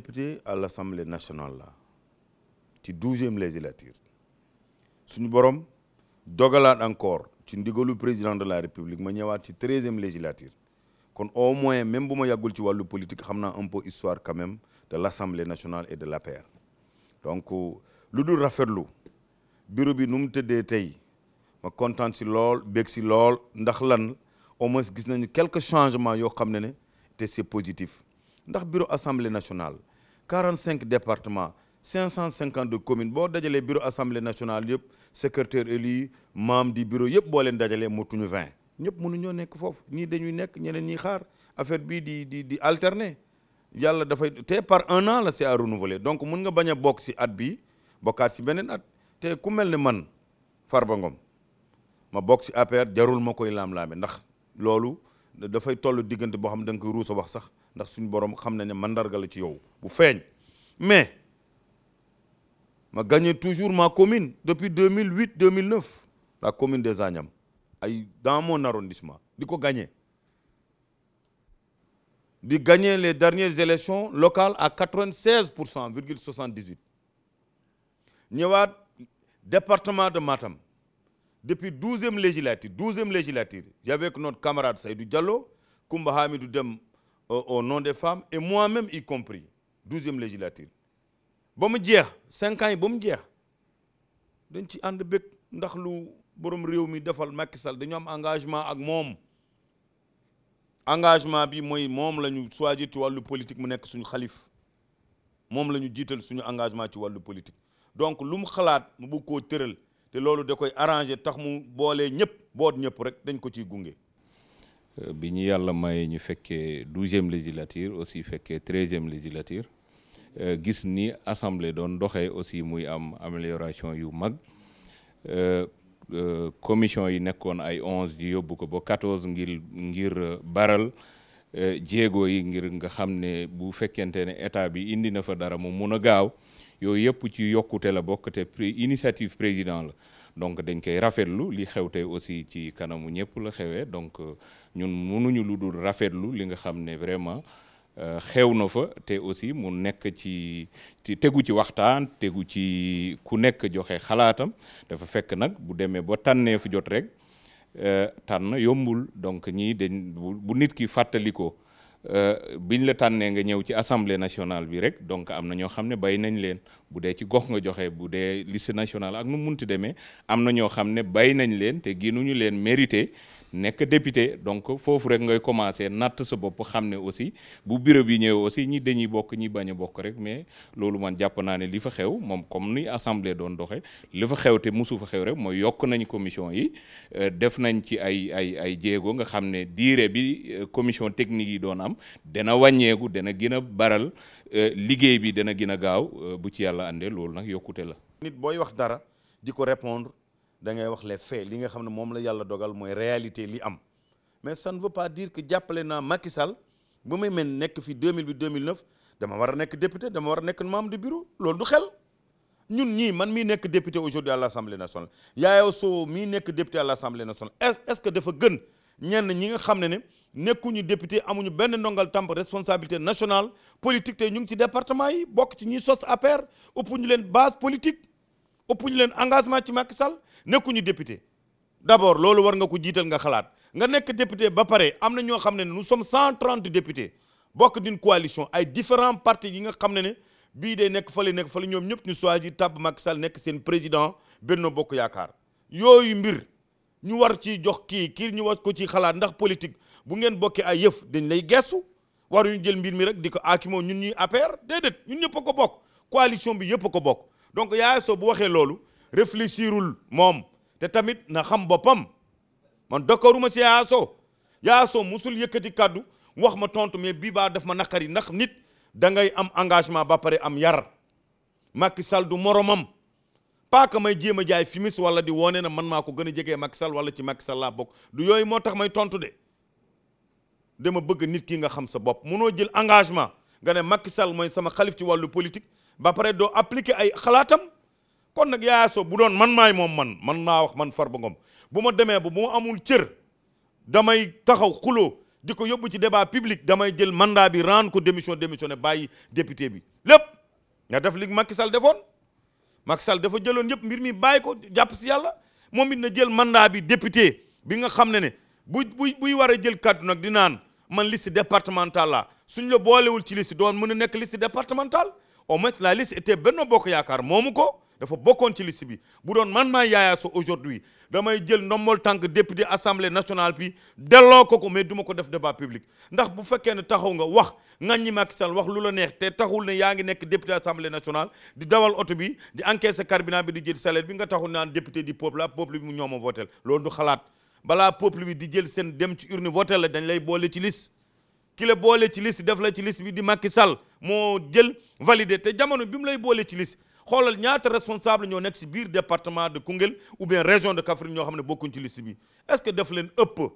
député à l'Assemblée nationale la ci douzième législature suñu borom dogalaat encore ci ndigalu président de la république ma ñëwaat ci treizième législature kon au moins même bu ma yàggul ci wàllu politique xam naa un peu histoire quand même de l'Assemblée nationale et de la paire donc lu dul rafetlu bureau bi nu mu tëddee tey ma kontaan si lool bég si lool ndax lan au moins gis nañu quelques changement yoo xam ne ne te c'est positif ndax bureau assemblée nationale cinq cinq 45 cinquante 552 commune boo dajalee bureau assemblée nationale yëpp secrétaire élu maam di bureau yëpp boo leen dajalee motuñu 20 ñëpp mënuñoo nekk foofu ñii dañuy nekk ñeneen ñiy xaar affaire bii di di di alterner yàlla dafay te par un an la c'est à renouveler donc mun nga bañ a bokk si at bi bokkaat si beneen at te ku mel ne man Farba Ngom ma bokk si APR jarul ma koy laam-laame ndax loolu dafay toll diggante boo xam da nga koy ruus a wax sax. ndax suñu borom xam na ne mandarga la ci yow bu feeñ mais ma gagné toujours ma commune depuis deux 2008 2009 la commune des Agnam ay dans mon arrondissement di ko gagné di gagné les dernières élections locales à 96 pour cent virgule 78 ñëwaat département de Matam depuis douzième législature douzième législature j'avais avec notre camarade Seydou Diallo Koumba du Dem au non des femmes et moi-même y compris douzième législature ba mu jeex cinq ans ba mu jeex dañ ci ànd bëgg ndax lu borom réew mi defal Macky Sall dañu am engagement ak moom engagement bi mooy moom la ñu choisir ci wàllu politique mu nekk suñu xalif moom la ñu jiital suñu engagement ci wàllu politique donc lu mu xalaat mu bëgg koo tëral te loolu da koy arranger tax mu boolee ñëpp boot ñëpp rek dañ ko ciy gunge Euh, bi ñu yàlla may ñu fekkee douzième législature aussi fekkee treizième législature euh, gis ni assemblée doon doxee aussi muy am amélioration yu mag euh, commission yi nekkoon ay onze ñu yóbbu ko ba quatorze ngir ngir baral jéego yi ngir nga xam ne bu fekkente ne état bi indi na fa dara mu mun a gaaw yooyu yëpp ci yokkute la bokk te initiative président la donc dañ koy rafetlu li xew tey aussi ci kanamu ñëpp la xewe donc ñun mënuñu lu dul rafetlu li nga xam ne vraiment euh, xew na fa te aussi mu nekk ci ci tegu ci waxtaan tegu ci ku nekk joxe xalaatam dafa fekk nag bu demee ba tànnee fu jot rek euh, tànn yombul donc ñi dañ bu nit ki fàttali ko euh, biñ la tànnee nga ñëw ci assemblée nationale bi rek donc am na ñoo xam ne bay nañ leen bu dee ci gox nga joxe bu dee liste national ak nu munti demee am na ñoo xam ne bàyyi nañ leen te ginuñu leen mérité nekk député donc foofu rek ngay commencé natt sa bopp xam ne aussi bu bureau bi ñëwee aussi ñi dañuy bokk ñi bañ a bokk rek mais loolu man jàpp naa ne li fa xew moom comme ni assemblée doon doxe li fa xew te musu fa xew rek mooy yokk nañ commission yi euh, def nañ ci ay ay ay jéego nga xam ne diire bi euh, commission technique yi doon am dana wàññeeku dana gën a baral euh, liggéey bi dana gën a gaaw bu ci yàlla la àndee loolu nag yokkute la. nit booy wax dara di ko répondre da wax les faits li nga xam ne moom la yàlla dogal mooy réalité li am mais ça veut pas dire que jàppale naa Macky bu may mel nekk fi dama war a nekk député dama war a nekk membre de bureau loolu du xel. ñun ñii man mii nekk député aujourd'hui à l'Assemblée nationale Yaya Sow mii nekk député à l'Assemblée nationale est-ce que dafa gën ñenn ñi nga xam ne ne nekkuñu député amuñu benn ndongal tàmp responsabilité nationale politique tey ñu ngi ci département yi bokk ci ñuy sos APR ëpp ñu leen base politique ëpp ñu leen engagement ci Macky sal nekkuñu député d'abord loolu war nga ko jiital nga xalaat nga nekk député ba pare am na ñoo xam ne nous sommes 130 députés bokk d'une coalition ay différents partie yi nga xam ne ne bii day nekk fële nekk fële ñoom ñëpp ñu choisir tàbb Macky sal nekk seen président benn Bokk Yaakaar yooyu mbir ñu war ci jox kii kii ñu war ko ci xalaat ndax politique bu ngeen bokkee ay yëf dañ lay gestu waruñu jël mbir mi rek di ko aakimoo ñun ñuy APR déedéet ñun ñëpp a ko bokk coalition bi yëpp ko bokk donc Yaya Sow bu waxee loolu réfléchirul moom te tamit na xam boppam man d'accorduma si Yaya Sow musul yëkkati kàddu wax ma tontu mais bii baa daf ma naqari ndax nit da ngay am engagement ba pare am yar Macky Sall du moromam pas que may jéem a jaay fimis wala di woonee na man maa ko gën a jege Macky Sall wala ci Macky Sall laa bokk yooyu moo tax may tontu de dama bëgg nit ki nga xam sa bopp munoo jël engagement nga ne Macky mooy sama xalif ci wàllu politique ba pare doo appliquer ay xalaatam kon nag Yaya bu doon man maay moom man man maa wax man ba Ngom bu ma demee ba bu ma amul cër damay taxaw xuloo di ko yóbbu ci débat public damay jël mandat bi rendre ko démission démissionné bàyyi député bi lépp nga def li Macky Sall defoon Macky Sall dafa jëloon yëpp mbir mi bàyyi ko jàpp si yàlla moom it na jël mandat bi député bi nga xam ne ne bu buy war a jël kàddu di naan man liste départementale la suñ la boolewul ci liste doon mën a nekk liste départementale au moins la liste était Benno Bokk Yaakaar moomu ko dafa bokkoon ci liste bi bu doon man maa yaayaa so aujourd'hui damay jël ndombol tànk député assemblée national bi delloo ko ko mais duma ko def débat public ndax bu fekkee ne taxaw nga wax ŋàññi Macky Sall wax lu la neex te taxul ne yaa ngi nekk député assemblée nationale di dawal oto bi di encaisser carburant bi di jël salaire bi nga taxul naan député du peuple la peuple bi mu loolu du xalaat balaa peuple bi di jël seen dem ci urne voté la dañ lay boole ci liste ki la boole ci liste def la ci liste bi di Macky Sall moo jël validé te jamono bi mu lay boole ci liste xoolal ñaata responsable ñoo nekk ci biir département de Koungheul ou bien région de Kaffrine ñoo xam ne bokkuñ ci liste bi est-ce que daf leen ëpp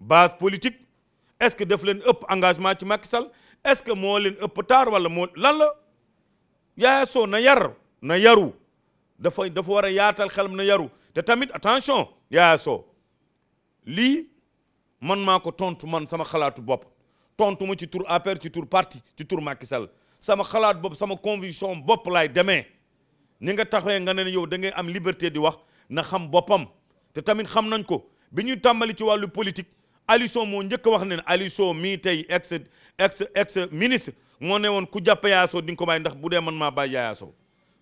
base politique est-ce que daf leen ëpp engagement ci Macky Sall est-ce que moo leen ëpp taar wala moo lan la Yaya na yar na yaru dafa dafa war a yaatal xelam na yaru te tamit attention Yaya lii man maa ko tontu man sama xalaatu bopp tontu ma ci tur APR e ci tur parti ci tur Macky Sall sama xalaat bopp sama conviction bopp laay demee ni nga taxee nga ne yow da ngay am liberté di wax na xam boppam te tamit xam nañ ko bi ñuy tàmbali ci wàllu politique Alisson moo njëkk wax ne Alisson mii tey ex ex ex ministre moo ne woon ku jàpp yaasoo di nga ko bàyyi ndax bu dee man maa bàyyi yaasoo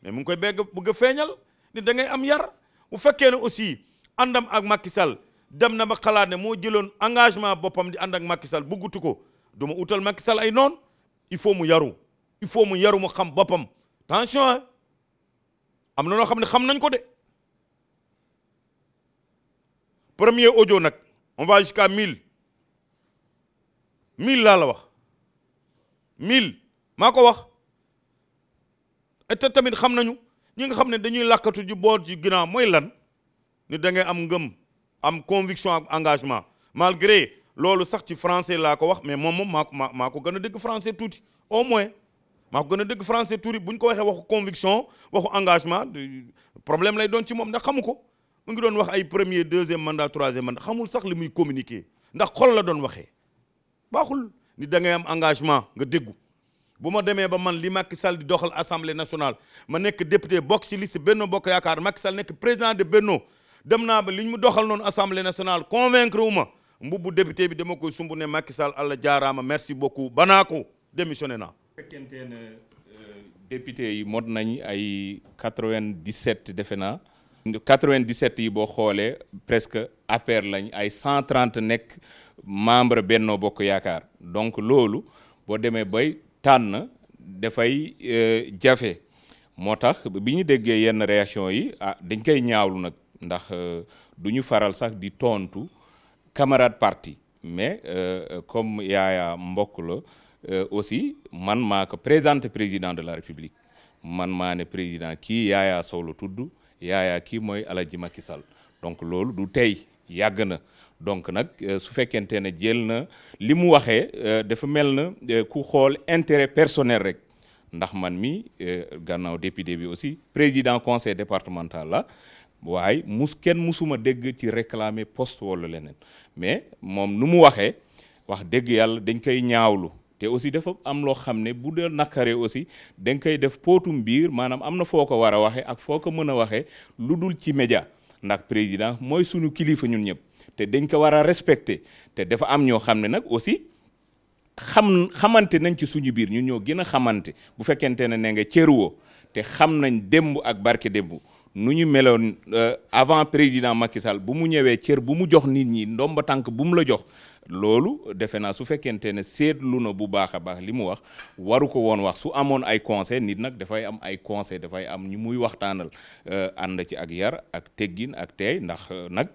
mais mu ngi koy bëgg bëgg a feeñal ni da ngay am yar bu fekkee ne aussi àndam ak Macky Sall dem na ba xalaat ne moo jëloon engagement boppam di ànd ak Macky Sall ko du ma utal Macky Sall ay noon il faut mu yaru il faut mu yaru mu xam boppam tension am na noo xam ne xam nañ ko de premier audio nag on va jusqu'à mille mille laa la wax mille maa ko wax te tamit xam nañu ñi nga xam ne dañuy lakkatu ji boot ji ginnaaw mooy lan ni da am ngëm am conviction ak engagement malgré loolu sax ci français laa ko wax mais moom moom maa ko maa ko gën a dégg français tuuti au moins maa ko gën a dégg français tuuti bu ñu ko waxee waxu conviction waxu engagement problème lay doon ci moom ndax xamu ko mu ngi doon wax ay premier deuxième mandat troisième mandat xamul sax li muy communiquer ndax xol la doon waxee baaxul ni da ngay am engagement nga déggu bu ma demee ba man li Macky Sall di doxal assemblée nationale ma nekk député bokk ci liste Benno Bokk Yaakaar Macky Sall nekk président de dem naa ba li mu doxal noonu assemblée nationale convaincre wu ma mbubbu député bi dama koy sumb ne Macky Sall allah jaaraama merci beaucoup banaa ko démissionné naa. fekkente ne euh, député yi mot nañ ay 97 defe naa. 97 yi boo xoolee presque APR lañ ay 130 nekk membre Benno Bokk Yaakaar donc loolu boo demee bay tànn dafay euh, jafe moo tax bi ñu déggee yenn réaction yi ah dañ koy ñaawlu nag ndax euh, du ñu faral sax di tontu camarade parti mais euh, euh, comme yaaya mbokk la aussi man maa ko présenté président de la république man maa ne président kii yaaya Sow la tudd yaaya kii mooy Alaji Macky Sall donc loolu du tey yàgg na donc nag su fekkente ne jël na li mu waxee dafa mel na ku xool intéret personnel rek ndax man mi gannaaw député bi aussi président conseil départemental la waay mus kenn musuma dégg ci réclamer poste wala leneen mais moom nu mu waxee wax dëgg yàlla dañ koy ñaawlu te aussi dafa am loo xam ne bu dee nakare aussi dañ koy def pootum biir maanaam am na foo ko war a waxee ak foo ko mën a waxee lu dul ci média ndax président mooy suñu kilifa ñun ñëpp te dañ ko war a respecté te dafa am ñoo xam ne nag aussi xam xamante nañ ci suñu biir ñun ñoo gën a xamante bu fekkente ne ne nga cëruwoo te xam nañ démb ak barke démb nu ñu meloon euh, avant président Macky bu mu ñëwee cër bu mu jox nit ñi ndomba tànk bu mu la jox loolu defe naa su fekkente ne seetlu na bu baax a baax li mu wax waru ko woon wax su amoon ay conseil nit nag dafay am ay conseil dafay am ñu muy waxtaanal euh, ànd ci ak yar ak teggin ak teey ndax euh, nag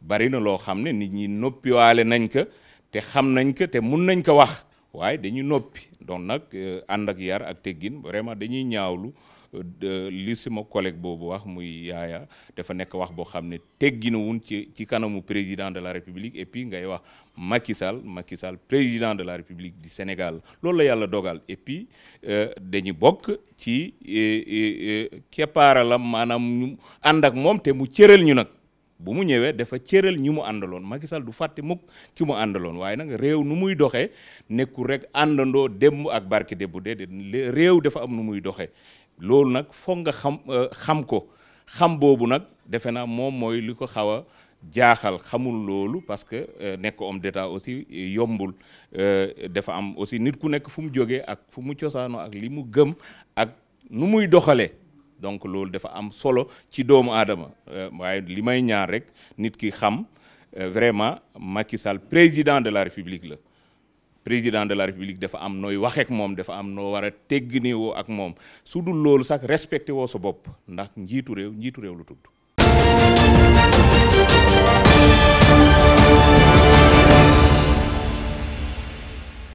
bari na loo xam ne nit ñi noppiwaale nañ ko te xam nañ ko te mun nañ ko wax waaye dañuy noppi donc nag ànd ak yar ak teggin vraiment dañuy ñaawlu li sama collègue boobu wax muy yaaya dafa nekk wax boo xam ne tegginuwun ci ci kanamu président de la république et puis ngay wax Macky Sall Macky Sall président de la république du Sénégal loolu la yàlla dogal et puis euh, dañu bokk ci euh, euh, keppaaram maanaam ànd ak moom te mu cëral ñu nag. bu mu ñëwee dafa cëral ñi mu àndaloon Macky Sall du fàtte mukk ki mu àndaloon waaye nag réew nu muy doxee nekkul rek àndandoo démb ak barke démb déedéet réew dafa am nu muy doxee loolu nag foog nga xam euh, xam ko xam boobu nag defe naa moom mooy li ko xaw a jaaxal xamul loolu parce que euh, nekk homme d'état aussi yombul euh, dafa am aussi nit ku nekk fu mu jógee ak fu mu cosaanoo ak li mu gëm ak nu muy doxalee donc loolu dafa am solo ci doomu aadama waaye li may ñaar rek nit ki xam vraiment makisal président de la République la président de la république dafa am nooy waxeek moom dafa am noo war a teggini ak moom sudul dul loolu sax respecté woo sa bopp ndax njiitu réew njiitu réew lu tudd